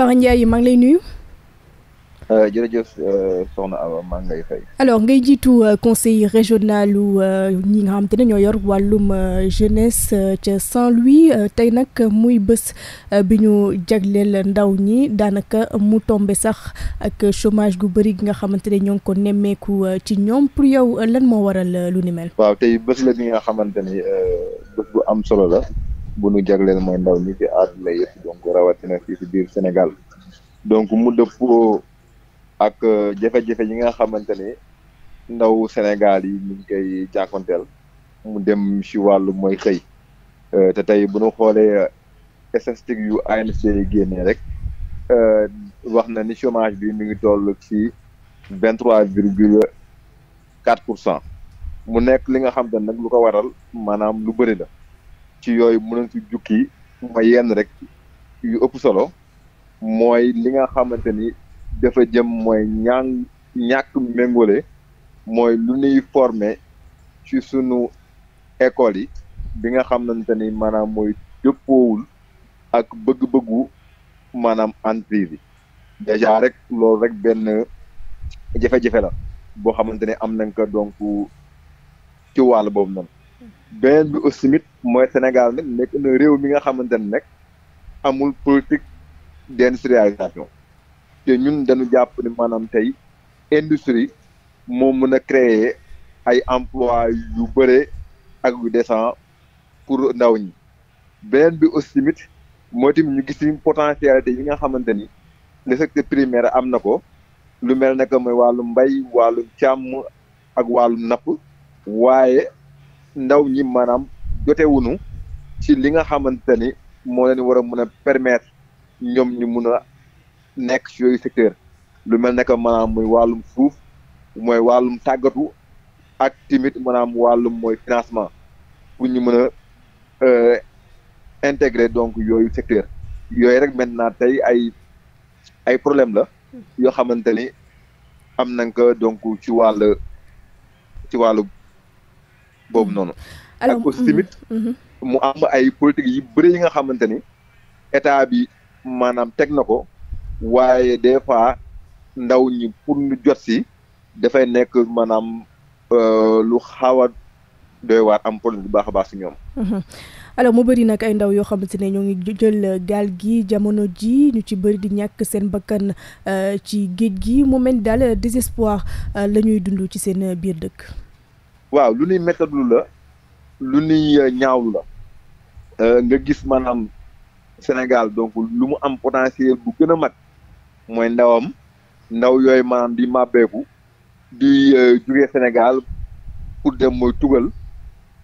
Papa Ndiaye maa ngi lay nuyu. Euh, jërëjëf euh, soxna Awa maa ngay fay. alors ngay jiitu euh, conseil régional ñi nga xam ne ñoo yor wàllum jeunesse ca Saint-Louis tey nag muy bés bi ñu jagleel ndaw ñi daanaka mu tombe sax ak chômage gu bëri gi nga xamante ne ñoo ko nemmeeku ci ñoom pour yow lan moo waral lu ni mel. waaw tey bés la bi nga xamante ni bés am solo la bu nu jagleel mooy ndaw ñi ci àdduna yëpp donc rawatina fii ci biir Sénégal donc mu dëppoo ak euh, jafe-jafe yi nga xamante ni ndaw Sénégal yi ñu ngi koy mu dem ci wàllu mooy xëy euh, te tey bu nu xoolee statistiques euh, yu ANC yi génnee rek wax na ni chômage bi mu ngi toll ci vingt trois virgule quatre pour cent mu nekk li nga xam te nag lu ko waral maanaam lu bëri la ci yooyu mën nañ ci jukki ma yenn rek yu ëpp solo mooy li nga xamante ni dafa jëm mooy ñaan ñàkk méngole mooy lu nuy former ci sunu école yi bi nga xamante ni maanaam mooy dëppoowul ak bëgg-bëggu maanaam entreprise yi déjà rek loolu rek benn jafe-jafe la boo xamante ne am nañ ko donc ci wàll boobu noonu beneen bi aussi mit mooy Sénégal nag nekk na réew mi nga xamante ne nag amul politique d'industrialisation te ñun dañu jàpp ni maanaam tey industrie moo mën a créer ay emploi yu bëre ak yu décent pour ndaw ñi beneen bi aussi tamit mooy tamit ñu gis potentialité yi nga xamante ni le secteur primaire am na ko lu mel ne mooy wàllum mbay wàllum càmm ak wàllum napp waaye ndaw ñi maanaam jotewuñu ci li nga xamante ni moo leen war a mën a permettre ñoom ñu mun a nekk ci yooyu secteur lu mel ne que maanaam muy wàllum suuf mooy wàllum tàggatu ak timit maanaam wàllum mooy financement pour ñu mën a euh, intégrer donc yooyu secteur yooyu rek maintenant tey ay ay problème la yoo xamante ni am nañ ko donc ci wàll ci wàllu boobu noonu. alors hmm. ak aussi tamit. Hmm, hmm. mu am ay politique yu bëri yi nga xamante ni état bi maanaam teg na ko waaye des fois ndaw ñi pour ñu jot si dafay nekk maanaam euh, lu xaw a doy waar am problème bu baax a baax si ñoom. alors mu bari nag ay ndaw yoo xamante ne ñoo ngi jël gaal gi jamono ji ñu ci bëri di ñàkk seen bakkan euh, ci géej gi mu mel daal désespoir euh, la ñuy dund ci seen biir dëkk. waaw lu ñuy méttadlu la lu ñuy euh, ñaawlu la euh, nga gis maanaam Sénégal donc lu mu am potentiel bu gën a mag mooy ndawam ndaw yooyu maanaam di màbbeeku di euh, jóge Sénégal pour dem mooy tugal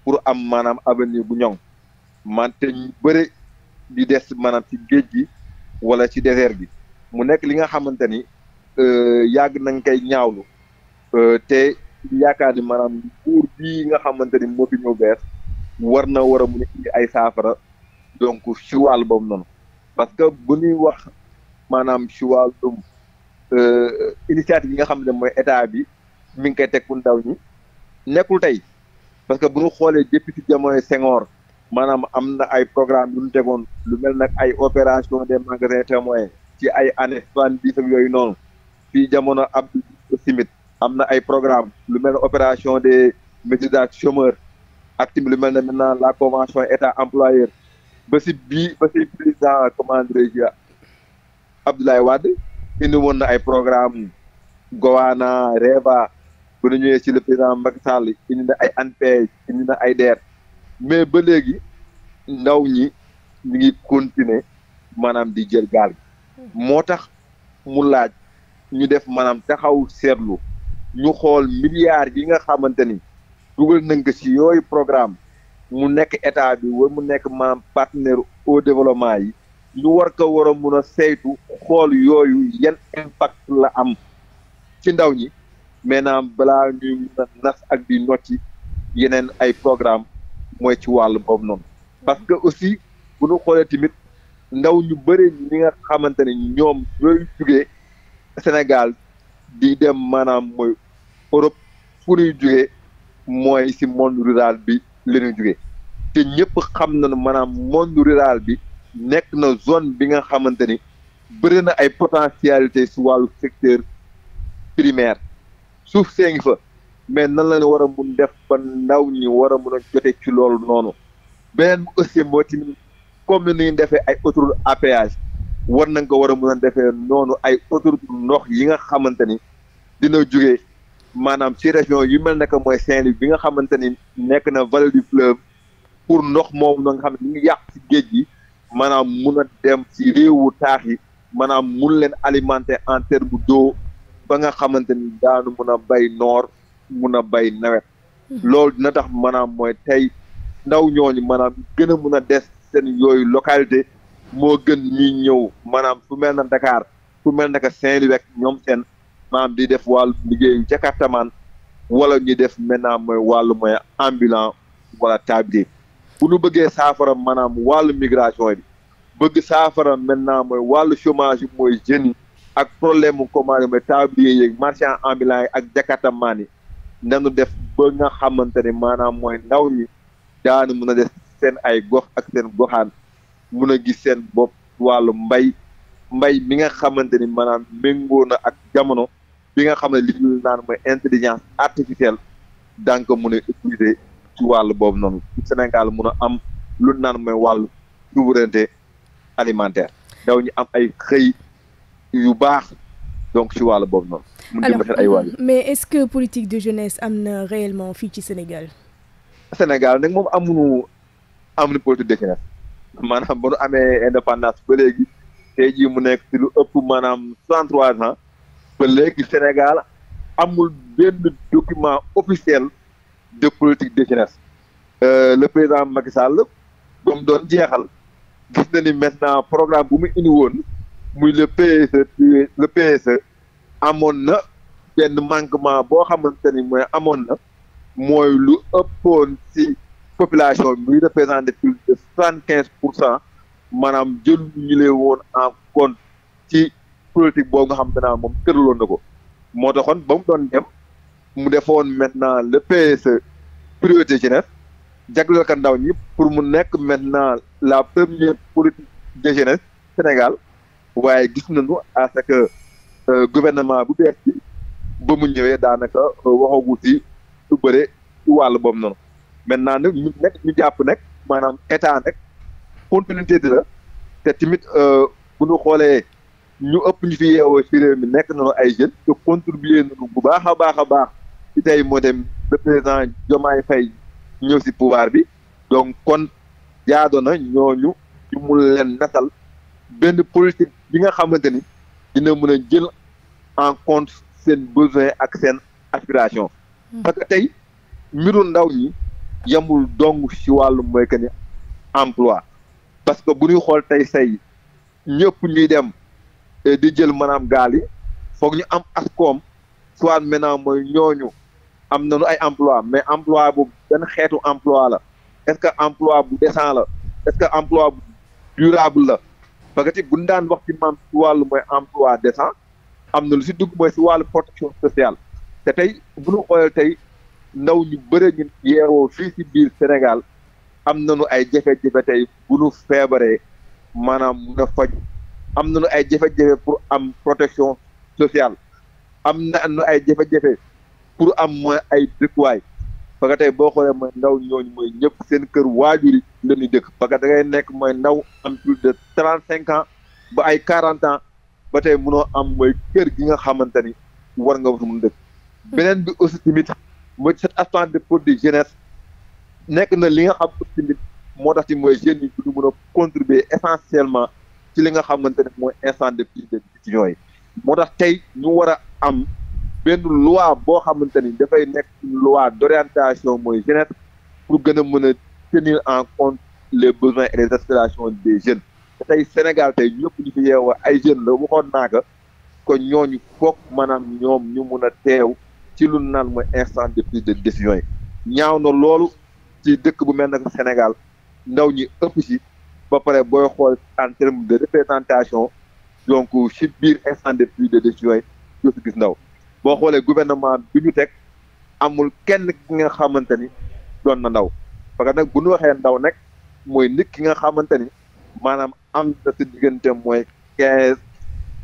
pour am maanaam avenir bu ñoŋ mante ñu bëre di des maanaam ci géej gi wala ci désert gi mu nekk li nga xamante ni yàgg nañ koy ñaawlu te yaakaar ni maanaam nguur bii nga xamante ni moo fi ñëw bees war na war a mun a indi ay saafara donc ci wàll boobu noonu parce que bu ñuy wax maanaam ci wàllum euh, initiative nga xam ne mooy état bi mi ngi koy teg ku ndaw ñi nekkul tey parce que bu nu xoolee depuis ci jamonoy Senghor maanaam am na ay programme yu ñu tegoon lu mel nag ay opération des magasins témoins ci ay années soixante-dix ak yooyu noonu fii jamono ab Diouf Simit am na ay programme lu mel ne opération des maîtrises chômeurs ak tamit lu mel ne maintenant la convention état employeur ba si bii ba si président comment dirais-je Abdoulaye Wade indi woon na ay programme Gowana Reva bu ñu ñëwee si le président Macky Sall indi na ay ANPEJ indi na ay DER mais ba léegi ndaw ñi ñu ngi continuer maanaam di jël gaal moo tax mu laaj ñu def maanaam taxaw seetlu ñu xool milliards yi nga xamante ni dugal nañ ko ci yooyu programme mu nekk état bi wala mu nekk maam partenaire au développement yi ñu war ko war a mun a saytu xool yooyu yan impact la am ci ndaw ñi maintenant bala ñuy mun a nas ak di nocci yeneen ay programme mooy ci wàll boobu noonu parce que aussi bu ñu xoolee tamit ndaw ñu bëri ñi nga xamante ne ñoom ñooy jugee Sénégal di dem maanaam mooy Europe fu ñuy jugee mooy si monde rural bi la ñuy te ñëpp xam nañu maanaam monde rural bi nekk na zone bi nga xamante ni bëri na ay potentialité si wàllu secteur primaire suuf see ngi fa mais nan la ñu war a mun def ba ndaw ñi war a mun a jote ci loolu noonu beneen bi aussi moo tamit comme ni defee ay autoroute à war nañ ko war a mun a defee noonu ay autoroute ndox yi nga xamante ni dina jógee maanaam ci région yu mel na que mooy Saint-Louis bi nga xamante ni nekk na vallée du pour ndox moom na nga xam ne ñu ngi yàq ci géej gi maanaam mun a dem ci réewu taax yi maanaam mun leen alimentaire en terme d'eau ba nga xamante ni daanu mun a bay noor mun a bay nawet hmm. loolu dina tax maanaam mooy tey ndaw ñooñu maanaam gën a mun a des seen yooyu localité moo gën ñuy ñëw maanaam fu mel na Dakar fu mel na que saint rek ñoom seen maanaam di def wàll liggéeyu jakartamaan wala ñuy def maintenant mooy wàllu mooy ambulant wala tablier bu ñu bëggee saafara maanaam wàll migration bi bëgg saafara maintenant mooy wàllu chômage bi mooy jeunes yi ak problème mu comment mooy tablier yeeg marchand ambulant yi ak jakartamaan yi nanu def ba nga xamante ne maanaam mooy ndaw ñi daanu mun a def seen ay gox ak seen goxaan mun a gis seen bopp wàllu mbay mbay mi nga xamante ni maanaam méngoo na ak jamono bi nga xam ne li naan mooy intelligence artificielle daan ko mun a ci wàll boobu noonu Sénégal mun a am lu naan mooy wàllu souveraineté alimentaire daw ñu am ay xëy yu baax donc ci wàll boobu noonu. alors ay mais est-ce que politique de jeunesse am na réellement fii ci Sénégal. Sénégal nag moom amuñu amuñu politique de jeunesse maanaam ba nu amee indépendance ba léegi tey jii mu nekk ci lu ëpp maanaam 63 ans. ba léegi Sénégal amul benn document officiel de politique de jeunesse euh, le président Macky Sall ba doon jeexal gis na ni maintenant programme bu mu indi woon muy le PSE le PSE amoon na benn manquement boo xamante mooy amoon na mooy lu ëppoon ci population bi représenté plus de soixante quinze pour cent maanaam jël ñu leen woon en compte ci politique boobu nga xam te naa moom tëraloon na ko moo taxoon ba mu doon dem mu defoon maintenant le PSE priorité ndaw ñi pour mu nekk maintenant la première politique de jeunesse Sénégal waaye gis nañu à ce que euh, gouvernement bu bees ba mu ñëwee daanaka euh, waxagu si lu bëre ci wàll boobu noonu maintenant nag ñu nekk jàpp nag maanaam état nag continuité de la te tamit euh, bu ñu ñu ëpp ñu fi yeewoo ci réew mi nekk nañu ay jeunes te contribuer nañu bu baax a baax a baax ci tey moo dem le président Diomaye ñëw si pouvoir bi donc kon jaado na ñooñu ñu mun leen natal benn politique bi nga xamante ni dina mën a jël en contre seen besoin ak seen aspiration hmm. parce tey mbiru ndaw ñi yamul dong ci wàllu mooy que emploi parce que bu ñuy xool tey say ñëpp ñuy dem Eh, di jël maanaam gaal foog ñu am askoom soit maintenant mooy ñooñu am nañu ay emploi mais emploi bu benn xeetu emploi la est-ce que emploi bu décent la est que emploi bu durable la parce que bu ñu daan wax maam ci wàllu mooy emploi décent am na lu si dugg mooy si wàllu protection sociale te tey bu ñu xoolee tey ndaw ñu bëre ñu yeewoo fii si biir Sénégal am na nañu ay jafe-jafe tey bu ñu feebaree maanaam mun a faj am na nañu ay jafe-jafe pour am protection sociale am na nañu ay jafe-jafe pour am mooy ay dëkkuwaay parce que boo xoolee mooy ndaw ñooñu mooy ñëpp seen kër waajur yi la ñuy dëkk parce que da ngay nekk mooy ndaw am plus de trente cinq ans ba ay quarante ans ba tey mënoo am mooy kër gi nga xamante ni war nga mun dëkk beneen bi aussi tamit mooy cet aspect de produit jeunesse nekk na li nga xam aussi tamit moo tax ci mooy jeunes yi du mën contribuer essentiellement ci li nga xamante ne mooy instant de prise de décision yi moo tax tey ñu war a am benn loi boo xamante ni dafay nekk une loi d'orientation mooy jeunesse pour gën a mën a tenir en compte les besoins et les aspirations des jeunes tey Sénégal tey ñëpp ñu fi yeewa ay jeunes la waxoon naa ko kon ñooñu foog maanaam ñoom ñu mun a teew ci lu naan mooy instant de prise de décision yi ñaaw na loolu ci dëkk bu mel ne Sénégal ndaw ñi ëpp si ba pare booy xool en terme de représentation donc ci biir instant de pluie de juin doo gis ndaw boo xoolee gouvernement bi ñu teg amul kenn ki nga xamante ni doon na ndaw parce que nag bu nu waxee ndaw nag mooy nit ki nga xamante ni maanaam am na si diggante mooy quinze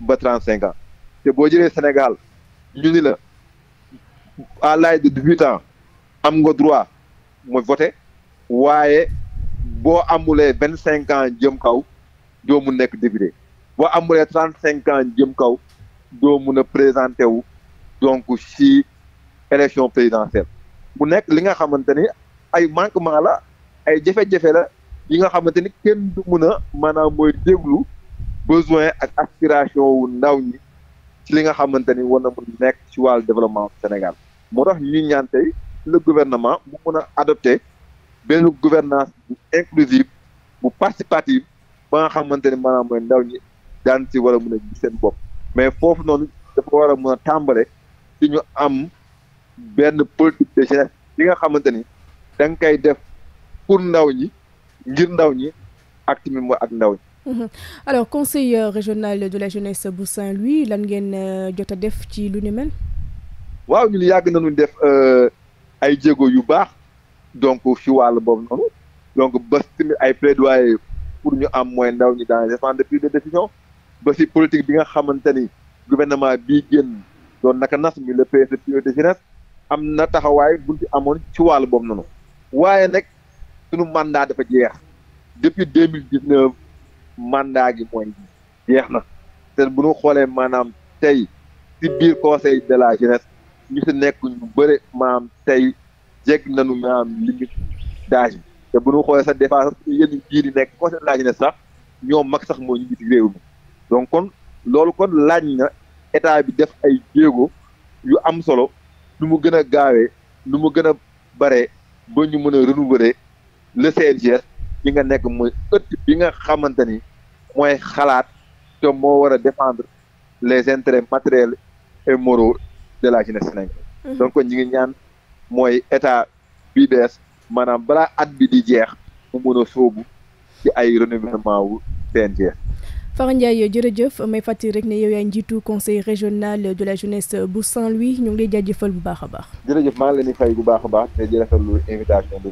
ba trente cinq ans te boo jëlee Sénégal ñu ni la à l'âge de dix-huit ans am nga droit mooy voter waaye boo amulee vingt cinq ans jëm kaw doo mun nekk député boo amulee trente cinq ans jëm kaw doo mun a présenté wu donc si élection présidentielle mu nekk li nga xamante ni ay manquement la ay jafe-jafe la yi nga xamante ni kenn du mun a maanaam mooy déglu besoin ak aspiration wu ndaw ñi ci li nga xamante ni war na mun nekk ci wàllu développement Sénégal moo tax ñuy ñaan tey le gouvernement mu mun a adopté benn gouvernance bu inclusive bu participative ba nga xamante ne maanaam mooy ndaw ñi daan ci wara a a gis seen bopp mais foofu noonu dafa war a a tàmbale ci ñu am benn politique de bi nga xamante ni da koy def pour ndaw ñi ngir ndaw ñi ak tamit ak ndaw ñi mhm. alors conseil euh, régional de la jeunesse bu Saint-Louis lan ngeen euh, jot a def ci lu ni mel waaw ñun yàgg nañu def euh, ay jéego yu baax donc ci wàll boobu noonu donc ba tamit ay plaidoyer pour ñu am mooy ndaw ñi dans les instances de prise de décision ba si politique bi nga xamante ni gouvernement bii génn doon naka nas mi le PS priorité jeunesse am na taxawaay bu ci amoon ci wàll boobu noonu waaye nag sunu mandat dafa jeex depuis deux mille dix neuf mandat gi mooy jeex na te bu ñu xoolee maanaam tey ci biir conseil de la jeunesse ñu si nekk ñu bëri maanaam tey jégg nañu maanaam limite d'âge bi te bu ñu xoolee sax des fois yenn jiir yi nekk koo seen laaj ne sax ñoom mag sax moo ñu gis réew mi donc kon loolu kon laaj na état bi def ay jéego yu am solo nu mu gën a gaawee nu mu gën a baree ba ñu mën a renouveler le CNJS bi nga nekk mooy ëtt bi nga xamante ni mooy xalaat te moo war a défendre les intérêts matériels et moraux de la jeunesse sénégalaise mm-hmm. donc ñu ngi ñaan mooy état bi bees maanaam balaa at bi di jeex mu mun a sóobu ci ay renouvellement wu CNG. Fara Ndiaye jërëjëf may fàttali rek ne yow yaay njiitu conseil régional de la jeunesse bu Saint-Louis ñu ngi lay jaajëfal bu baax a baax. jërëjëf maa ngi leen fay bu baax a baax te di rafetlu invitation bi.